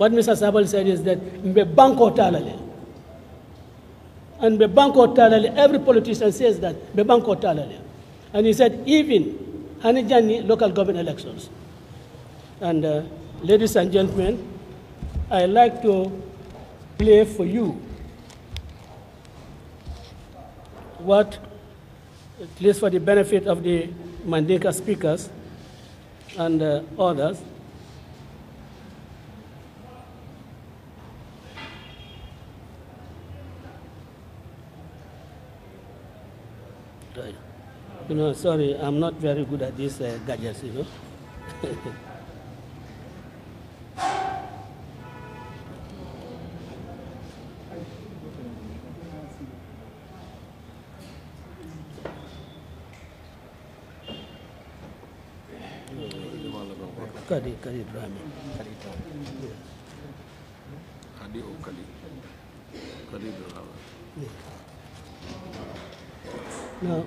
What Mr. Sabal said is that Mbebanko Talale. And Mbebanko Talale, every politician says that, Mbebanko Talale. And he said, even Hanijani local government elections. And uh, ladies and gentlemen, i like to play for you what, at uh, least for the benefit of the Mandinka speakers and uh, others, You know, sorry, I'm not very good at these uh, gadgets, you know. Kadi, Kadi drama, Kadi Ibrahim. Kadi O oh, Kadi. Kadi Ibrahim. Now,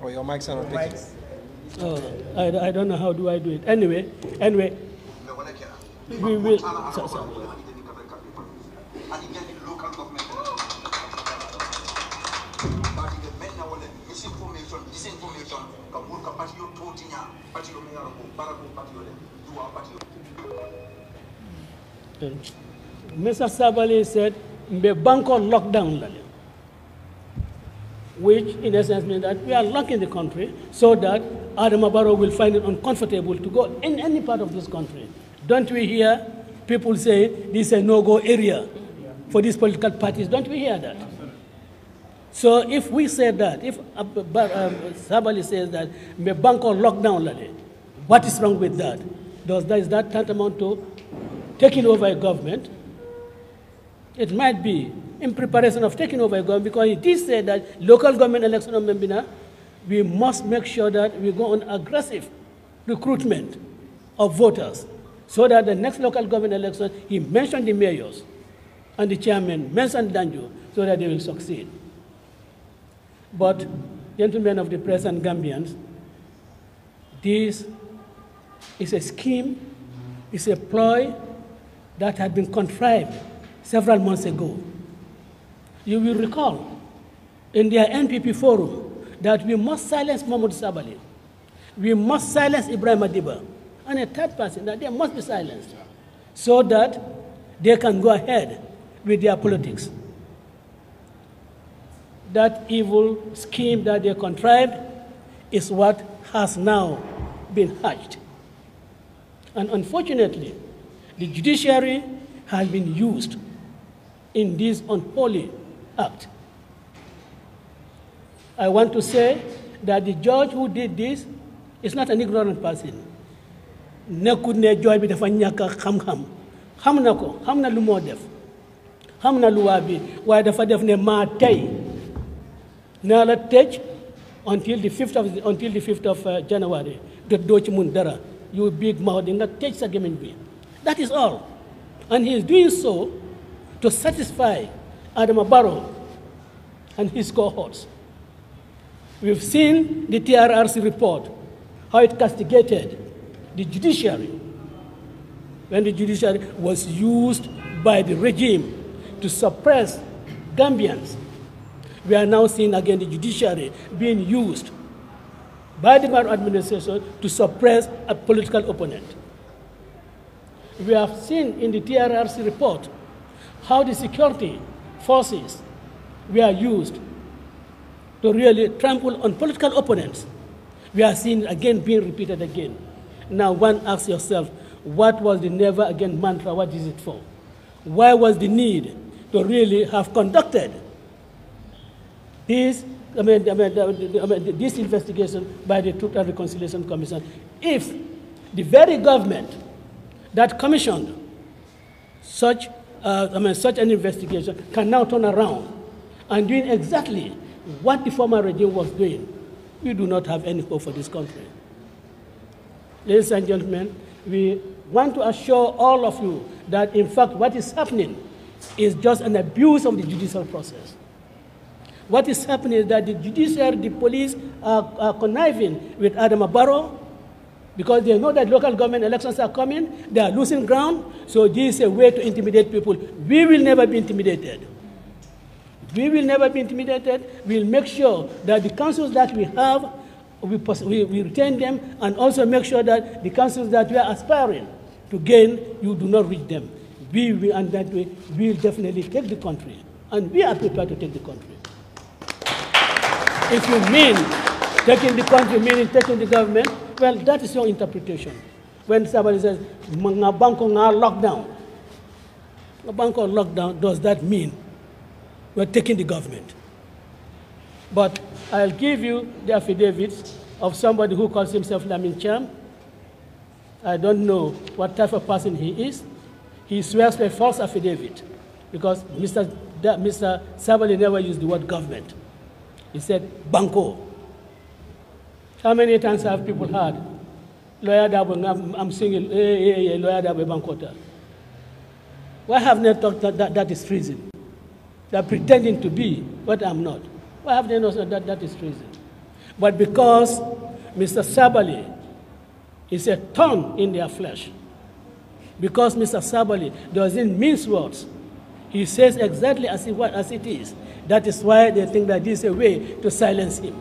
oh, your mics are not picking. Oh, I, I don't know how do I do it. Anyway, anyway. We will. So, so. Mr. Sabali said, bank on lockdown lale. which in essence means that we are locking the country so that Adam Abaro will find it uncomfortable to go in any part of this country. Don't we hear people say this is a no-go area for these political parties? Don't we hear that? So if we say that, if uh, uh, Sabali says that, bank on lockdown, what is wrong with that? Does that, is that tantamount to taking over a government it might be in preparation of taking over government because it is said that local government election of Membina, we must make sure that we go on aggressive recruitment of voters so that the next local government election, he mentioned the mayors and the chairman, mentioned Danjo, so that they will succeed. But, gentlemen of the press and Gambians, this is a scheme, it's a ploy that had been contrived several months ago. You will recall in their NPP forum that we must silence Mahmoud Sabali, we must silence Ibrahim Adiba, and a third person that they must be silenced so that they can go ahead with their politics. That evil scheme that they contrived is what has now been hatched. And unfortunately, the judiciary has been used in this unholy act. I want to say that the judge who did this is not an ignorant person nekkut ne jooy bi dafa ñàkk xam-xam xam na ko xam na lu moo def xam na luwaa bi waaye dafa def ne maa la tëj until the fifth of until the fifth of uh, January the doo ci mun dara you big mouth di nga tëj sa gémmiñ bi that is all and he is doing so to satisfy Adam Barrow and his cohorts. We've seen the TRRC report, how it castigated the judiciary when the judiciary was used by the regime to suppress Gambians. We are now seeing again the judiciary being used by the Barrow administration to suppress a political opponent. We have seen in the TRRC report how the security forces were used to really trample on political opponents, we are seeing again being repeated again. Now one asks yourself, what was the never again mantra, what is it for? Why was the need to really have conducted this, I mean, I mean, I mean, this investigation by the Truth and Reconciliation Commission if the very government that commissioned such uh, I mean, such an investigation can now turn around and doing exactly what the former regime was doing. We do not have any hope for this country. Ladies and gentlemen, we want to assure all of you that, in fact, what is happening is just an abuse of the judicial process. What is happening is that the judiciary, the police are, are conniving with Adam Barrow because they know that local government elections are coming, they are losing ground, so this is a way to intimidate people. We will never be intimidated. We will never be intimidated. We'll make sure that the councils that we have, we, we, we retain them, and also make sure that the councils that we are aspiring to gain, you do not reach them. We will, and that way, we will definitely take the country, and we are prepared to take the country. If you mean taking the country, meaning taking the government, well, that is your interpretation. When somebody says, Ngabanko nga lockdown, Ngabanko lockdown, does that mean we're taking the government? But I'll give you the affidavits of somebody who calls himself Lamin Cham. I don't know what type of person he is. He swears a false affidavit because Mr. Mr. Sabali never used the word government. He said, Banco, how many times have people heard? Lawyer Dabo, I'm, singing, hey, eh, eh, hey, eh, hey, Lawyer Bankota. Why have they thought that, that that is treason? They are pretending to be what I'm not. Why have they not said that that is treason? But because Mr. Sabali is a thorn in their flesh, because Mr. Sabali doesn't mince words, he says exactly as, as it is. That is why they think that this is a way to silence him.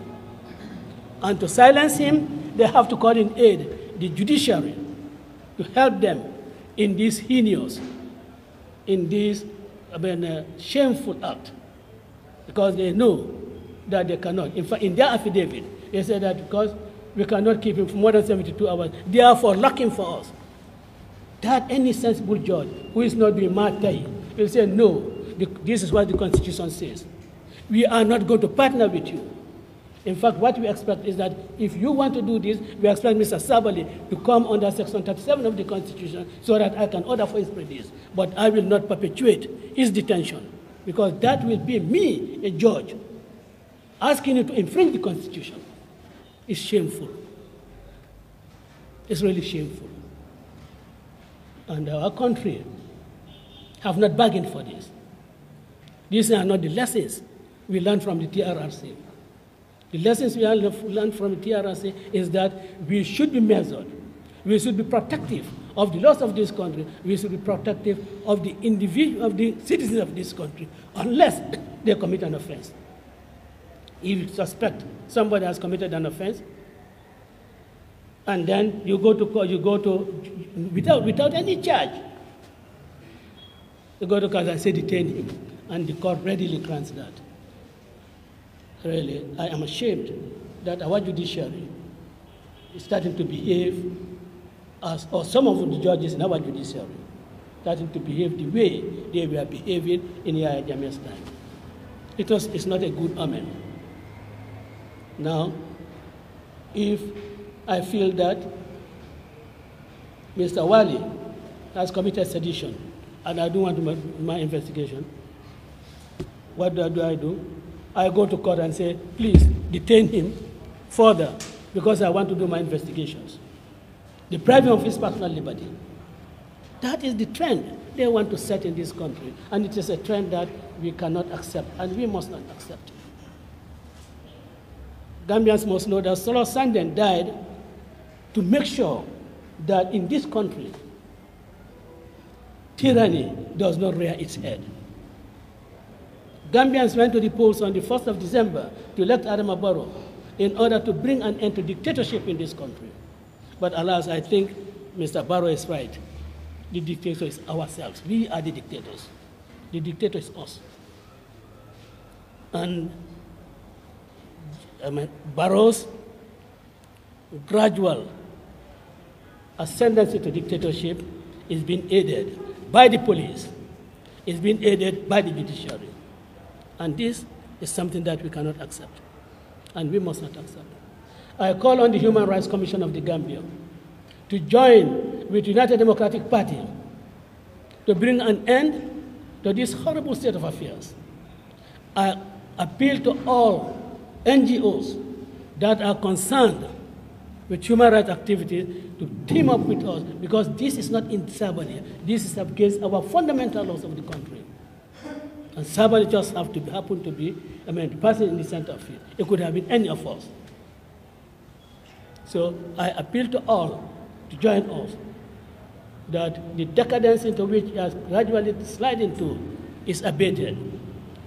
And to silence him, they have to call in aid the judiciary to help them in this heinous, in this I mean, uh, shameful act because they know that they cannot. In fact, in their affidavit, they said that because we cannot keep him for more than 72 hours, therefore locking for us. That any sensible judge who is not being martyred, will say, no, the, this is what the Constitution says. We are not going to partner with you. In fact, what we expect is that if you want to do this, we expect Mr. Sabali to come under Section 37 of the Constitution so that I can order for his release. But I will not perpetuate his detention because that will be me, a judge, asking you to infringe the Constitution. It's shameful. It's really shameful. And our country have not bargained for this. These are not the lessons we learned from the TRRC. The lessons we have learned from TRRC is that we should be measured. We should be protective of the laws of this country. We should be protective of the individual, of the citizens of this country, unless they commit an offense. If you suspect somebody has committed an offense, and then you go to court, you go to without without any charge. You go to court and say detain him, and the court readily grants that really, I am ashamed that our judiciary is starting to behave as, or some of the judges in our judiciary starting to behave the way they were behaving in the Jame's time. It was, it's not a good omen. Now, if I feel that Mr. Wali has committed sedition and I do want my, my investigation, what do I do? I do? I go to court and say, please detain him further because I want to do my investigations. Depriving of his personal liberty. That is the trend they want to set in this country. And it is a trend that we cannot accept and we must not accept. Gambians must know that Solo Sanden died to make sure that in this country, tyranny does not rear its head. Gambians went to the polls on the 1st of December to elect Adama Barrow in order to bring an end to dictatorship in this country. But alas, I think Mr. Barrow is right. The dictator is ourselves. We are the dictators. The dictator is us. And I mean, Barrow's gradual ascendancy to dictatorship is being aided by the police, It's being aided by the judiciary. And this is something that we cannot accept, and we must not accept. I call on the Human Rights Commission of the Gambia to join with United Democratic Party to bring an end to this horrible state of affairs. I appeal to all NGOs that are concerned with human rights activities to team up with us because this is not in Sabania. This is against our fundamental laws of the country. And somebody just have to be, happen to be, I mean, the person in the center of it. It could have been any of us. So I appeal to all to join us that the decadence into which it has gradually sliding to is abated.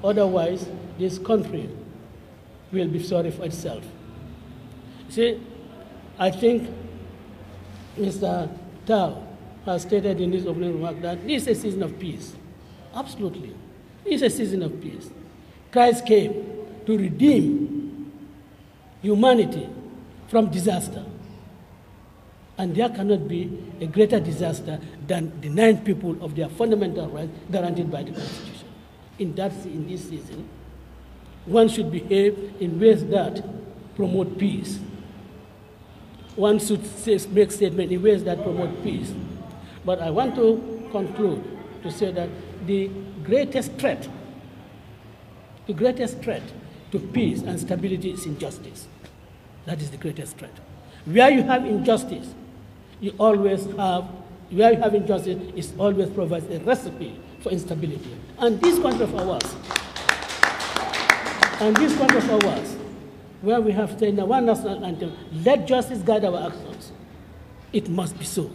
Otherwise, this country will be sorry for itself. See, I think Mr. Tao has stated in his opening remark that this is a season of peace. Absolutely. It's a season of peace. Christ came to redeem humanity from disaster. And there cannot be a greater disaster than denying people of their fundamental rights guaranteed by the Constitution. In, that, in this season, one should behave in ways that promote peace. One should make statements in ways that promote peace. But I want to conclude to say that the greatest threat, the greatest threat to peace and stability is injustice. That is the greatest threat. Where you have injustice, you always have, where you have injustice, it always provides a recipe for instability. And this country of ours, and this country of ours, where we have said one national anthem, let justice guide our actions. It must be so.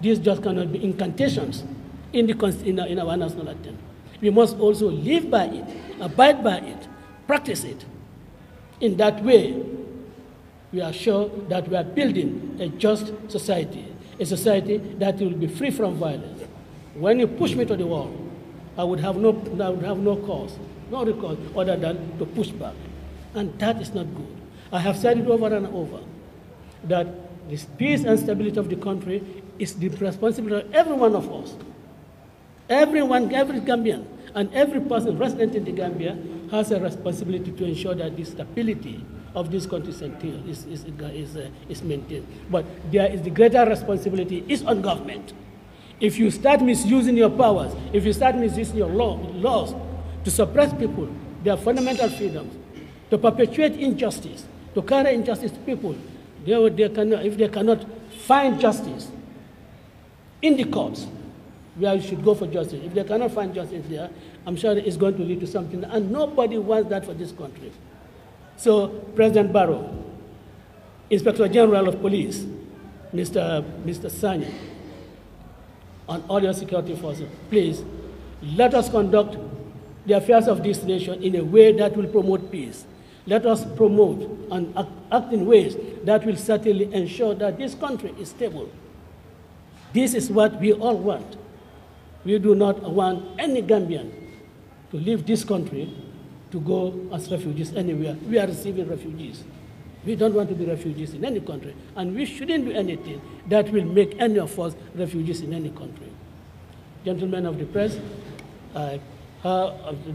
These just cannot be incantations in, the, in, our, in our national anthem. We must also live by it, abide by it, practice it. In that way, we are sure that we are building a just society, a society that will be free from violence. When you push me to the wall, I would have no, I would have no cause, no cause other than to push back. And that is not good. I have said it over and over that the peace and stability of the country is the responsibility of every one of us. Everyone, every Gambian, and every person resident in the Gambia has a responsibility to ensure that the stability of this country is, is, is, uh, is maintained. But there is the greater responsibility is on government. If you start misusing your powers, if you start misusing your law, laws to suppress people, their fundamental freedoms, to perpetuate injustice, to carry injustice to people, they, they cannot, if they cannot find justice in the courts, where you should go for justice. If they cannot find justice there, I'm sure it's going to lead to something. And nobody wants that for this country. So, President Barrow, Inspector General of Police, Mr. Mr. Sanya, and all your security forces, please let us conduct the affairs of this nation in a way that will promote peace. Let us promote and act in ways that will certainly ensure that this country is stable. This is what we all want. We do not want any Gambian to leave this country to go as refugees anywhere. We are receiving refugees. We don't want to be refugees in any country, and we shouldn't do anything that will make any of us refugees in any country. Gentlemen of the press,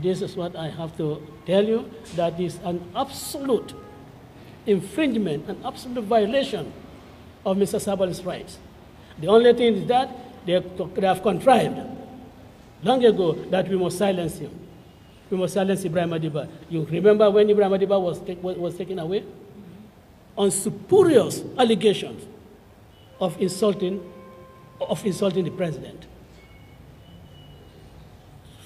this is what I have to tell you, that is an absolute infringement, an absolute violation of Mr. Sabal's rights. The only thing is that they, they have contrived long ago that we must silence him. We must silence Ibrahim Adiba. You remember when Ibrahim Adiba was, take, was taken away? On spurious allegations of insulting, of insulting the president.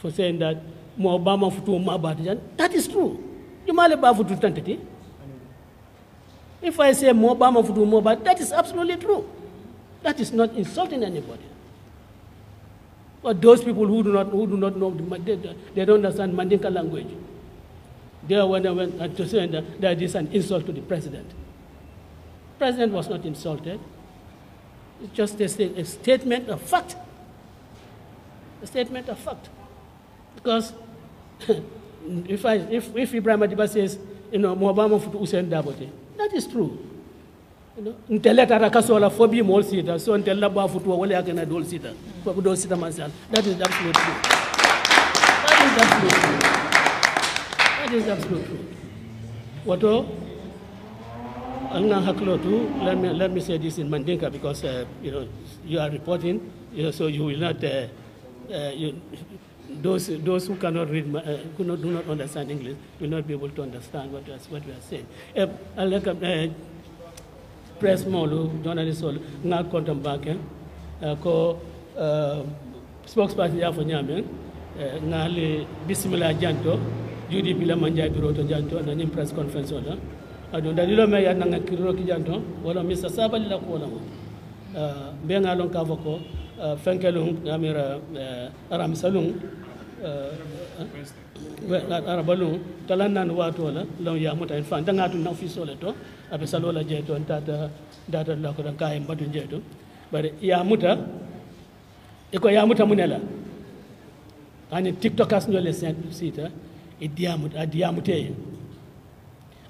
For saying that Obama futu mabatijan. That is true. You If I say Obama futu mobat, that is absolutely true. That is not insulting anybody. But those people who do not, who do not know, they, they don't understand Mandinka language. They when they went uh, to say that is an insult to the president. The president was not insulted. It's just a, a statement of fact. A statement of fact. Because if, I, if, if Ibrahim Adiba says, you know, Mwabama Futu that is true ntele tara kaso la fobi mol sita so ntele ba futwa wala yake na dol sita for dol sita masal that is absolute truth that is absolute truth that is absolute truth wato alna haklo tu let me let me say this in mandinka because uh, you know you are reporting you know, so you will not uh, uh, you, those those who cannot read uh, who not, do not understand english will not be able to understand what we are what we are saying uh, uh press molu journaliste olu nga kontom baken eh, ko eh, spokesperson ya fo ñamen eh, nga le bisimila janto juuɗi bila ma bureau to janto nañim press conference o la aɗum dalilo me ya nanga kiriro ki janto wala misa sabali la ko wala mo mbiyenga lon ka fo ko fenkelung amira aramisalung arabaluŋ talaŋ naŋ waato la loŋ yaamuta fa daŋaa tu naŋ fiisole to a be saloo la jee to n taata daata lakoto ka ye mbatu jee to bari yaamuta i e ko yaamuta mu ne la ani tiktokas ño le e sin siita i e diyaamut a diyaamute ye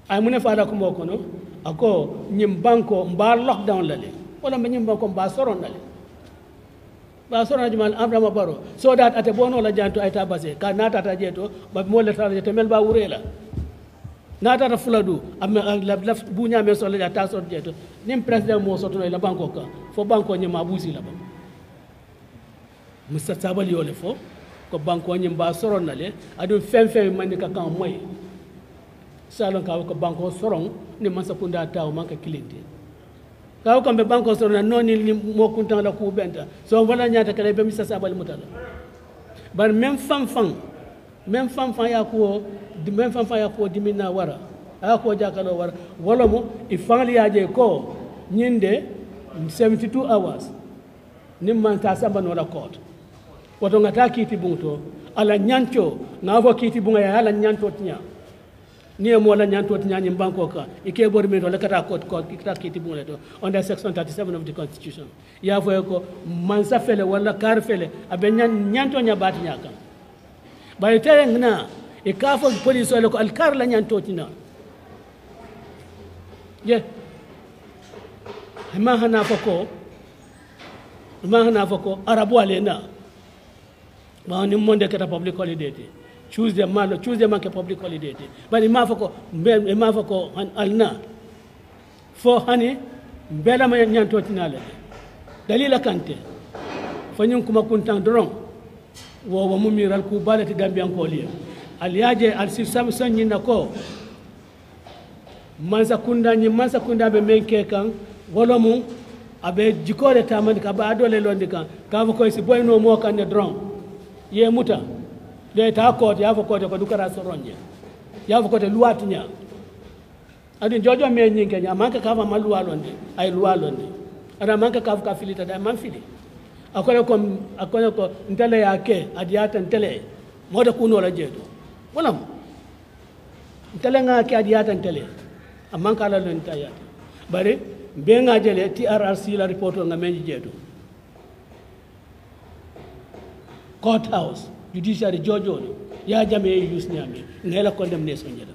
a ye mu ne faata kumoo kono a ko ñiŋ banko mbaa lockdown la le wala mba ñiŋ banko mbaa soron la le basora juman amrama baro so that ate bono la janto ayta base ka nata ta jeto ba mo le tan jete mel ba wurela nata ta fuladu am la la bunya me so la ta so jeto nim president mo soto la banko ka fo banko nyima busi la ba musa tabal yole fo ko banko nyim ba soron na le adu fem fem man ka kan moy salon ka ko banko soron ni man sa kunda taw man ka kilinte kaw kambe banko soro na noni ni mo kuntan la ku benta so wala nyaata kala be misa sabal mutala bar même fam fam même fam fam ya ko même fam fam ya ko dimina wara a ko jakalo wara wala mo i fanli ya je ko nyinde 72 hours nim man ta samba no la court woto ngata kiti bungto ala nyancho na avo kiti bunga ya ala nyancho tinya ni mo la nyanto nyani mbanko ka ike bor mi do la kata kot kot kita kiti bule do under section 37 of the constitution ya fo ko mansa fele wala kar fele abe nyan nyanto nya bat nya kan bay tere ngna e ka fo police wala ko al kar la nyanto tina ye ma hana fo ko ma hana fo ko arabu alena ma ni monde kata public holiday Tuesday man Tuesday man ke public holiday day bari ma ko be ma alna fo hani bela ma nyanto tinale dalila kante fo nyun kuma kuntan doron wo wo ral ku balati gambian ko liya al si samson nyina ko mansa kunda nyi mansa kunda be menke kan wolomu abe jikore tamani ka ba dole londi kan ka ko si boyno mo kan ne doron ye muta leta kote yavo kote kodukara soronje yavo kote luatinya adi jojo me nyinge nya manka kava malualo ndi ai lualo ndi ara manka kavu kafilita da manfili akone ko akone ko ntele yake adi ata ntele moda kuno la jeto wala ntele nga ke adi ata ntele amanka la lo ntaya bare benga jele TRRC la report nga menji jeto court house judiciary jojono yajame e yusñami ngayla condemnation jeɗa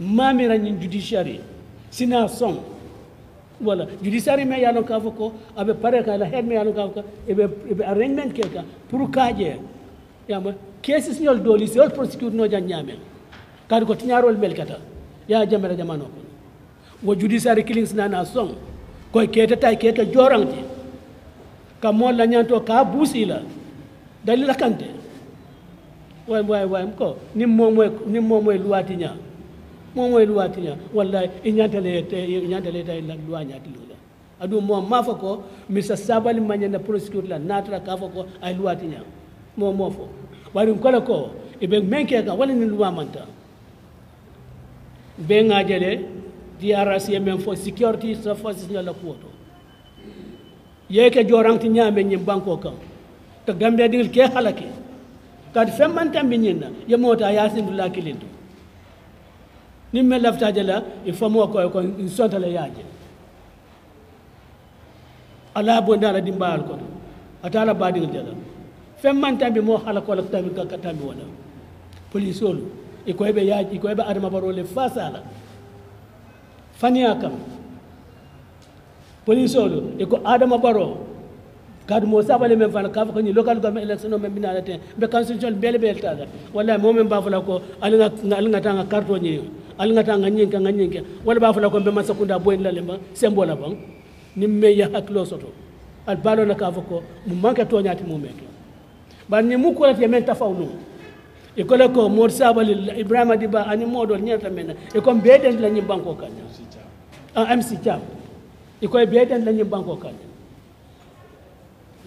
mamirañin judiciary sina son wala judiciary me yalon ka fo abe aɓe pare ka la head me yalon ka fo ka e eɓe eɓe arrangement kel ka pour kaje yama cases ñol doli si hol prosecute no jan nyame kadi ko tiñarol mel kata ya jamera jamano ko wo judiciary killings song, son koye tay keta jorante ka molla ñanto ka buusila Dalila kante way way way ko ni moom mooy ni moom mooy luwaati ñaa moom mooy luwaati ñaa wallahi i te i ñantale la luwa ñaati lu la adu moom maa fa ko misa sabali mañana prosecute la naatara ka fa ko ay luati ñaa moom moo fo bari kole ko be menkee kan wala ni luwa manta be ŋaajele ye men fo security sa fo ña la kuwoto yeeke jooraŋti ñaame nyim banko kam to gambe digil ke halake kadi femmantan ɓe ñinna yemota yasindulla kilinto nin men laftaje la il faut mo koye kon sontala yaaje ala bonde ala dimbayal kono ata ala badigil jala femmantanɓe mo hala kola tami tanmi wona police olu e koyeɓe yaaji koyeɓe adama barole fa sala faniya kam police olu e ko adama baro kadu mo sa wala men fala ka fa ni local government election men bina la ten be constitution bele bele ta da wala mo men ba fala ko alinga alinga tanga karto ni alinga tanga nyenka nyenka wala ba fala ko be masakunda boy la lemba sembola bang ni me ya haklo soto al balo na ka fa ko mu manka to nyati mu meke ban ni mu ko la te men tafawnu e ko la ko mo sa wala ibrahima diba ani modo nyata men e ko be den la nyi banko kanya am ah, si cha e ko be den la nyi banko kanya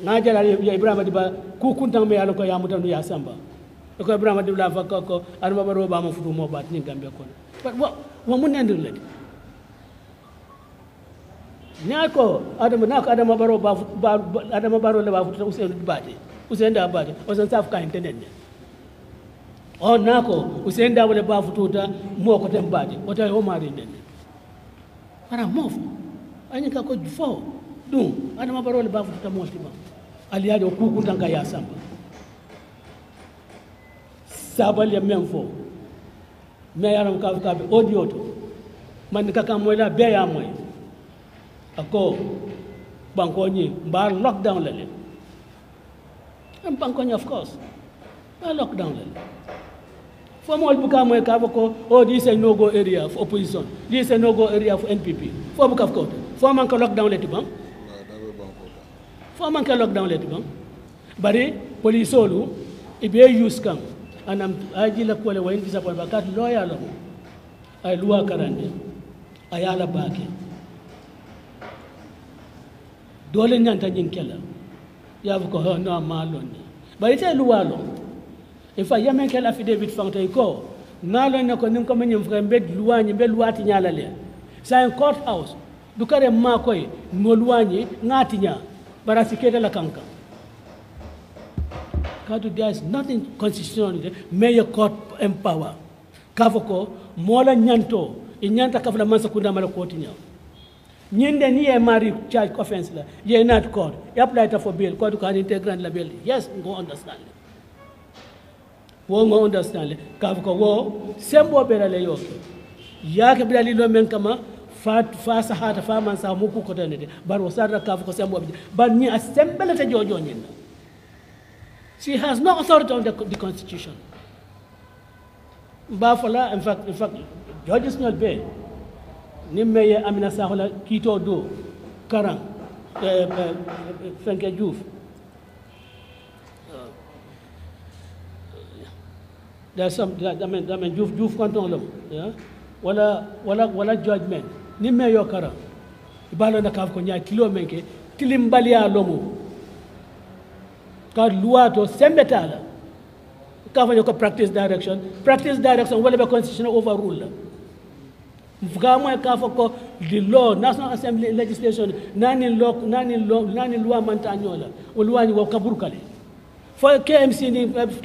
na jala ya ibrahima diba ku kuntan be yalo ko ya mutan ya samba ko ibrahima dibla fa ko ko an baba roba ma futu mo bat ni gambe ko but what wa mun nandir le ne ko adam na ko adam baro ba adam baro le ba futu usen dibate usen da bate usen saf ka internet ne on nako usen da wala ba futu ta mo ko tan bate o ta o mari den para mo anyi ka ko fo Toun, ane mwa barou li bav pou ta mwons li ban. Ali yade, ou kou koutan kaya samba. Saba li men fò. Men yade mw ka vikabi, o diyo tou. Man ni kaka mwen la, beya mwen. Ako, pankonyi, mba lak dan lè lè. M pankonyi, of course. M lak dan lè lè. Fò mwen l puka mwen kava kò, o di se no go area f opouison. Di se no go area f NPP. Fò mwen kaka f kote. Fò mwen kaka lak dan lè ti ban. fo man ka lockdown le tigam bare police olu e be use kam anam aji la kole wa indi sapo ba kat lo ya lo ay luwa karande ay ala baake dole nyanta jin kela ya bu ko ho no amalo ni bare te luwa lo e fa yamen kela fi david fonte ko na lo ne ko nim ko men fre be luwa ni be luwa ti nyala le sa en court house du kare ma koy no luwa ni ngati nyala but I la Lakanka. Kadu, there is nothing constitutional. Mayor court empower. Kavoko, mola nyanto, inyanta kavla mansa kunda mala koti nyaw. Nyinde niye mari charge offense la, ye not court. Ye apply ta for bail, court can integrant la bail. Yes, go understand. Wo go understand. Kavoko wo, sembo bela le yoke. Yake bila lilo menkama, fasa hata sa muku bar kaf ko sembo ni jojo nyen she has no authority on the, the constitution mbafola in fact in fact judges not be ni meye amina sahola kito do karan eh eh, eh, eh, fenke there's some that, I mean, I mean, juuf juuf kanton yeah wala wala wala judgment ni meyo kara ibalo na kaf ko nya kilo menke ya lomo ka luwa to sembeta la ka fa ko practice direction practice direction wala be constitutional overrule mfuka mo ka fa ko the law national assembly legislation nani law nani law nani law mantanyola ulwani wa kaburkale fo KMC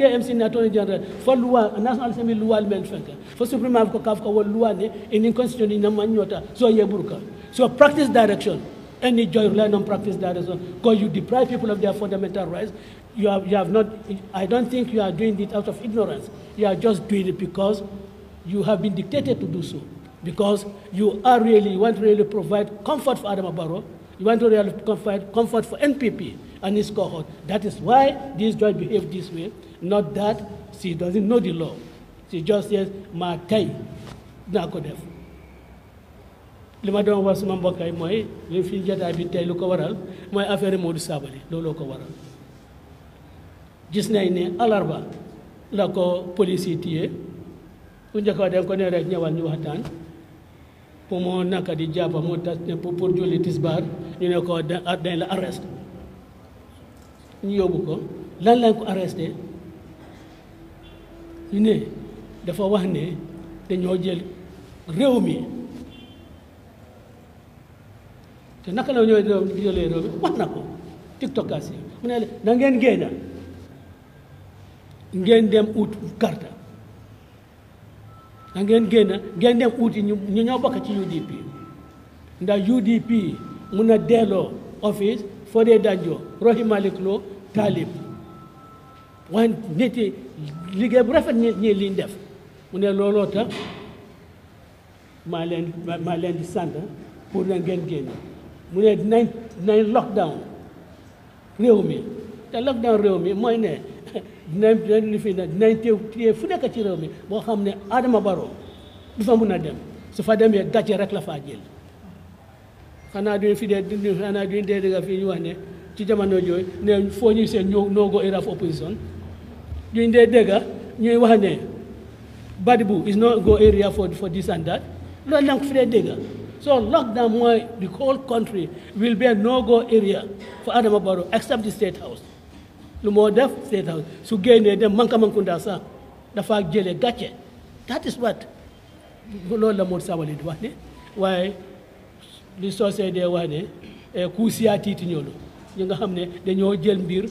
KMC ni attorney general fo loi national assembly loi men fenka fo supreme ko kaf ko loi ne in constitution ni man nyota so ye burka so practice direction any joy rely on practice direction because you deprive people of their fundamental rights you have, you have not i don't think you are doing it out of ignorance you are just doing it because you have been dictated to do so because you are really you want to really provide comfort for Adam Barrow you want to really provide comfort for NPP and his cohort. That is why this judge behaved this way, not that she doesn't know the law. She just says, Matai, Nakodef. li ma doon was mumbo mbokk yi mooy li fi jotaay bi tey lu ko waral mooy affaire Modou Sabally looloo ko waral gis nañ alarba la ko police yi téye bu njëkk a dem ko ne rek ñëwal ñu waxtaan pour naka di jàpp mu tas pour pour julli ko la arrest ñu yóbbu ko lan lañ ko arrêté ñu ne dafa wax ne dañoo jël réew mi te naka la ñoo jëlee réew mi wax na ko tiktokkaas yi mu ne na ngeen génna ngeen dem ut karta na ngeen génna ngeen dem uti ñu ñoo bokk ci UDP ndax UDP mun a delloo office fode danjo rohimalik lo taalib waaye nit yi liggéey bu rafet nit ñi liñ def mu ne looloo tax maa leen maa leen di sant pour na ngeen génn mu ne dinañ dinañ lockdown réew mi te lockdown réew mi mooy ne dinañ fi ne dinañ téew téye fu nekk ci réew mi boo xam ne aadama Barrow du fa mun a dem su fa demee gàcce rek la faa jël xanaa duñ fi dee duñ xanaa fii wax ne ci jamono jooy ne foo ñuy seen ñoo noo go era of opposition duñ dee dëgg ñuy wax ne Badbu is not go area for this and that loolu nag fi dee dëgg so lockdown mooy the whole country will be no go area for Adama Barrow except the state house lu moo def state house su génnee dem manka mankunda sax dafa jëlee gàcce that is what loolu la Modou Sabally di wax ne waaye li soosee dee wax ne ku eh, siyaatiiti ñoolu ñi nga xam ne dañoo jël mbir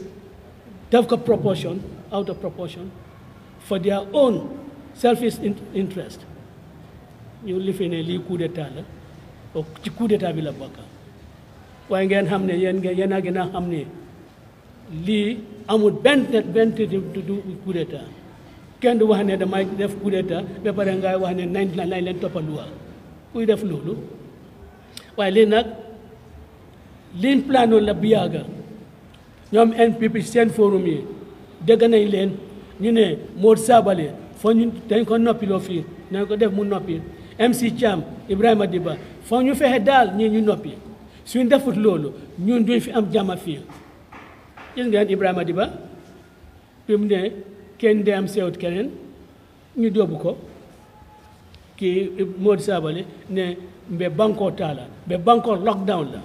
def ko proportion out of proportion for their own selfish interest ñu li fi ne lii coup d'état la ci coup d'état bi la bokk waaye ngeen xam ne yéen ngeen yéen a gën a xam ne lii amul benn benn du coup d'état kenn du wax ne damay def coup d'état ba pare ngay wax ne nañ nañ leen toppal luwa kuy def loolu waaye lii nag liñ planoon la bu yàgga ñoom NPP seen forum yi dégg nañ leen ñu ne Mor Sabali foo ñu dañ ko noppiloo fii nañ ko def mu noppi si Thiam Ibrahima di ba foo ñu fexe daal ñii ñu noppi suñ defut loolu ñu duñ fi am jàmm fii gis ngeen Ibrahima Diba bi mu ne kenn de am sewut keneen ñu dóobu ko qui Maud Sabali ne mbe banko tala mbe banko lockdown la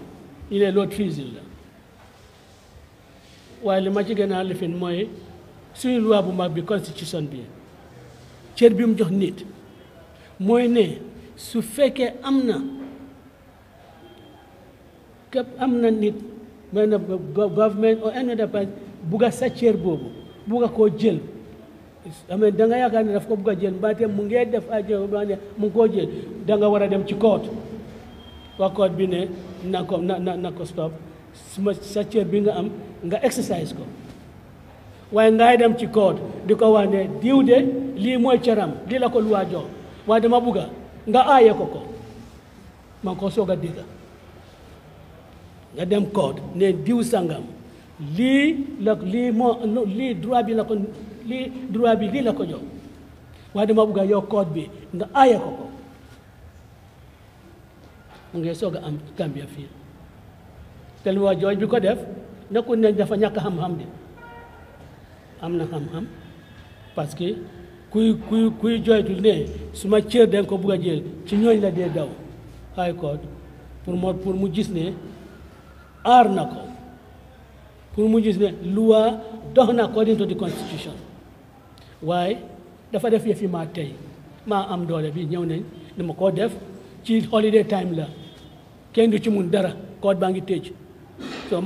il est l'autre fusil la waaye li ma ci gën a lifin mooy suñu loi bu mag bi constitution bi cër bi mu jox nit mooy ne su fekkee am na képp am na nit mel na government or any other bugga sa cër boobu bugga koo jël amee da nga yaakaar ne daf ko bugg a jël mbaate mu ngee def ay jéego ba ne mu ngi koo jël da nga war a dem ci koot waa koot bi ne na ko suma sa cër bi nga am nga exercise ko waaye ngay dem ci koot di ko wax ne diw de lii mooy cëram lii la ko luwaa jox waaye dama bugga nga aaye ko ko man koo soog a dégg nga dem koot ne diw sangam lii la lii moo lii droit bi la ko lii droit bi lii la ko jox waaye dama bëgg a yow code bi nga aaye ko ko mu ngi soog a am Gambia fii te lu waa jooj bi ko def nekkul ne dafa ñàkk xam-xam de am na xam-xam parce que kuy kuy kuy jooytu su ma cër dañ ko bugg a jël ci ñooñ la dee daw high court pour mu pour mu gis ne aar na ko pour mu gis ne loi dox na according to the constitution waaye dafa def yëfi maa tey maa am doole bi ñëw nañ dama koo def ci holiday time la kenn du ci mun dara code baa ngi tëj so